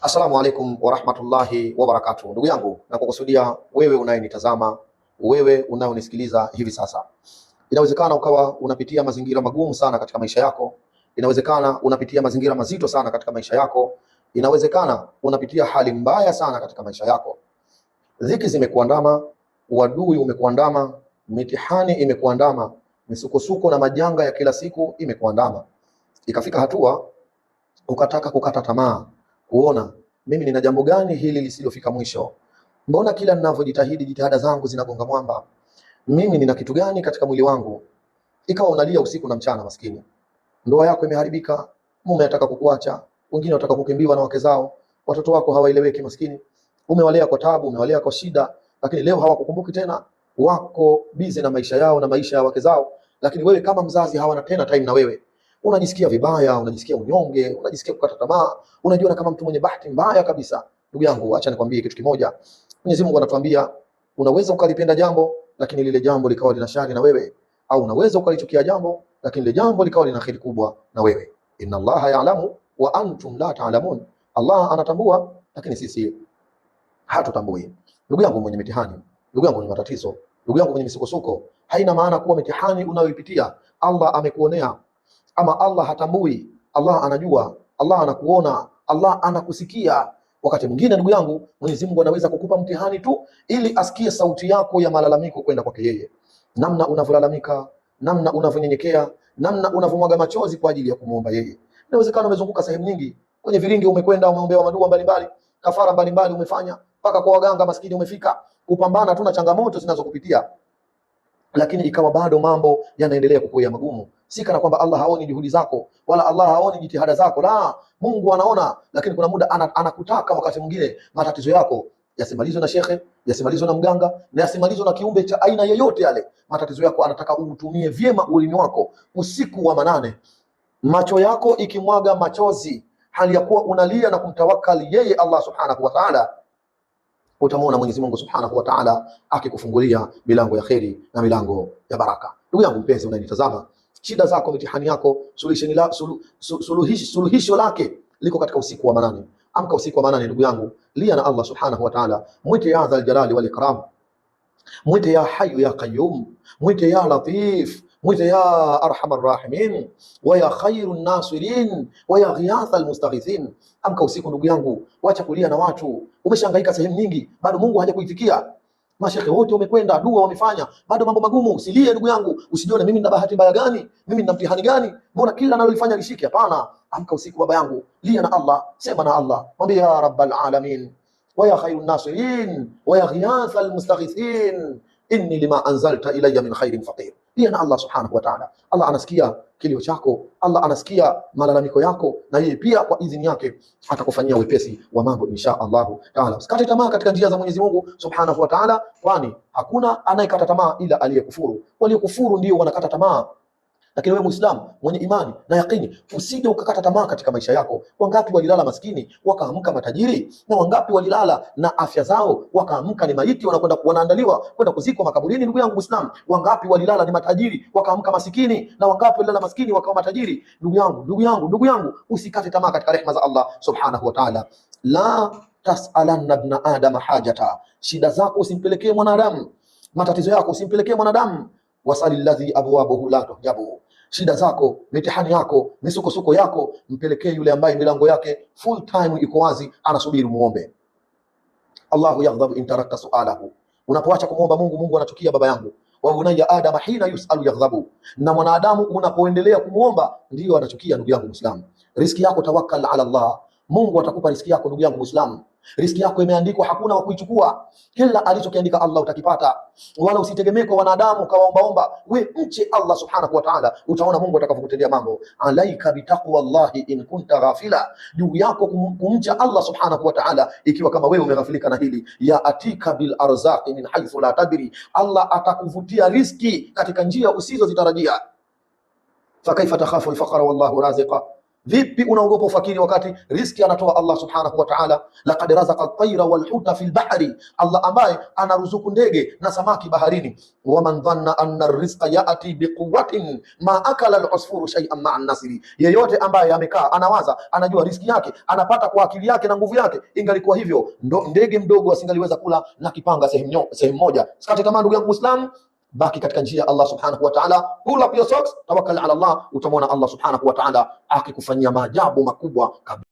Assalamu alaikum warahmatullahi wabarakatuh. Ndugu yangu, na kukusudia wewe unayenitazama, wewe unayonisikiliza hivi sasa, inawezekana ukawa unapitia mazingira magumu sana katika maisha yako, inawezekana unapitia mazingira mazito sana katika maisha yako, inawezekana unapitia hali mbaya sana katika maisha yako. Dhiki zimekuandama, uadui umekuandama, mitihani imekuandama, misukosuko na majanga ya kila siku imekuandama, ikafika hatua ukataka kukata tamaa kuona mimi nina jambo gani hili lisilofika mwisho. Mbona kila ninavyojitahidi jitihada zangu zinagonga mwamba? Mimi nina kitu gani katika mwili wangu? Ikawa unalia usiku na mchana, maskini. Ndoa yako imeharibika, mume anataka kukuacha, wengine wanataka kukimbiwa na wake zao, watoto wako hawaeleweki, maskini. Umewalea kwa taabu, umewalea kwa shida, lakini leo hawakukumbuki tena, wako bize na maisha yao na maisha ya wake zao, lakini wewe kama mzazi hawana tena time na wewe unajisikia vibaya, unajisikia unyonge, unajisikia kukata tamaa, unajiona kama mtu mwenye bahati mbaya kabisa. Ndugu yangu, acha nikwambie kitu kimoja. Mwenyezi Mungu anatuambia unaweza ukalipenda jambo lakini lile jambo likawa lina shari na wewe, au unaweza ukalichukia jambo lakini lile jambo likawa lina khair kubwa na wewe. Inna Allaha ya'lamu wa antum la ta'lamun, Allah anatambua lakini sisi hatutambui. Ndugu yangu mwenye mitihani, ndugu yangu mwenye matatizo, ndugu yangu mwenye misukosuko, haina maana kuwa mitihani unayoipitia Allah amekuonea ama Allah hatambui? Allah anajua, Allah anakuona, Allah anakusikia. Wakati mwingine ndugu yangu, Mwenyezi Mungu anaweza kukupa mtihani tu ili asikie sauti yako ya malalamiko kwenda kwake yeye, namna unavyolalamika, namna unavyonyenyekea, namna unavyomwaga machozi kwa ajili ya kumuomba yeye. Inawezekana umezunguka sehemu nyingi, kwenye viringi umekwenda, umeombewa madua mbalimbali, kafara mbalimbali umefanya, mpaka kwa waganga maskini umefika, kupambana tu na changamoto zinazokupitia, lakini ikawa bado mambo yanaendelea kukuwa magumu si kana kwamba Allah haoni juhudi zako wala Allah haoni jitihada zako, la, Mungu anaona, lakini kuna muda anakutaka ana wakati mwingine matatizo yako yasimalizwe na shekhe, yasimalizwe na mganga na yasimalizwe na kiumbe cha aina yoyote yale. Matatizo yako anataka uutumie vyema ulimi wako usiku wa manane, macho yako ikimwaga machozi hali ya kuwa unalia na kumtawakali yeye Allah subhanahu wa ta'ala, utamwona Mwenyezi Mungu subhanahu wa ta'ala akikufungulia milango ya kheri na milango ya baraka. Ndugu yangu mpenzi unayenitazama shida zako, mitihani yako, suluhisho la, sulu, suluhisho lake liko katika usiku wa manane. Amka usiku wa manane, ndugu yangu, lia na Allah subhanahu wa ta'ala, mwite ya dhal jalali wal ikram, mwite ya hayu ya qayyum, mwite ya latif mwite ya arhamar rahimin wa ya khairu nasirin wa ya al mustaghithin. Amka usiku ndugu yangu, wacha kulia na watu. Umeshangaika sehemu nyingi, bado Mungu hajakuifikia. Mashehe wote wamekwenda, dua wamefanya, bado mambo magumu. Usilie ndugu yangu, usijione mimi nina bahati mbaya gani, mimi nina mtihani gani, mbona kila analolifanya lishiki? Hapana, amka usiku baba yangu, lia na Allah, sema na Allah, mwambie ya rabbal alamin wa ya khairun nasirin wa ya ghiyathal mustaghithin inni lima anzalta ilayya min khairin faqir. Lia na Allah subhanahu wa ta'ala, Allah anasikia kilio chako, Allah anasikia malalamiko yako, na yeye pia kwa idhini yake atakufanyia wepesi wa mambo insha Allah taala. Usikate tamaa katika njia za Mwenyezi Mungu subhanahu wa taala, kwani hakuna anayekata tamaa ila aliyekufuru. Waliokufuru ndio wanakata tamaa. Lakini wewe Muislamu mwenye imani na yakini, usije ukakata tamaa katika maisha yako. Wangapi walilala maskini wakaamka matajiri, na wangapi walilala na afya zao wakaamka ni maiti wanakwenda wanaandaliwa kwenda kuzikwa makaburini. Ndugu yangu Muislamu, wangapi walilala ni matajiri wakaamka masikini, na wangapi walilala maskini wakawa matajiri? Ndugu yangu, ndugu yangu, ndugu yangu, usikate tamaa katika rehema za Allah subhanahu wa ta'ala. La tasalanna ibna adama hajata, shida zako usimpelekee mwanadamu, matatizo yako usimpelekee mwanadamu wasali ladhi abwabuhu la tuhjabu, shida zako, mitihani yako, misukosuko yako mpelekee yule ambaye milango yake full time iko wazi, anasubiri muombe. Allahu yaghdhabu in tarakta sualahu, unapoacha kumwomba Mungu, Mungu anachukia baba yangu wa bunayya Adama hina yusalu yaghdhabu, na mwanadamu unapoendelea kumwomba ndiyo anachukia. Ndugu yangu Muislamu, riski yako tawakkal ala Allah Mungu atakupa riski yako ndugu yangu Muislamu. Riski yako imeandikwa, hakuna wa kuichukua. Kila alichokiandika Allah utakipata, wala usitegemee kwa wanadamu ukawaombaomba. We mche Allah subhanahu wa ta'ala, utaona Mungu atakavokutendea mambo. Alaika bitaqwallahi in kunta ghafila, juu yako kumcha Allah subhanahu wa ta'ala ikiwa kama wewe umeghafilika na hili. Ya atika bil arzaqi min haythu la tadri, Allah atakuvutia riski katika njia usizozitarajia. Fakaifa takhafu al-faqra wallahu raziqa Vipi unaogopa ufakiri wakati riski anatoa Allah subhanahu wa ta'ala? Laqad razaqa at-tayra wal huta fil bahri, Allah ambaye anaruzuku ndege na samaki baharini. Waman dhanna anna ar-rizqa ya'ti biquwwatin ma akala al-usfuru shay'an ma'a an-nasri, yeyote ambaye amekaa anawaza, anajua riski yake anapata kwa akili yake na nguvu yake. Ingalikuwa hivyo ndo ndege mdogo asingaliweza kula na kipanga sehemu moja. Sikate tamaa ndugu yangu Muislamu. Baki katika njia ya Allah subhanahu wa ta'ala, pull up your socks, tawakkal ala Allah, utamwona Allah subhanahu wa ta'ala akikufanyia maajabu makubwa kabisa.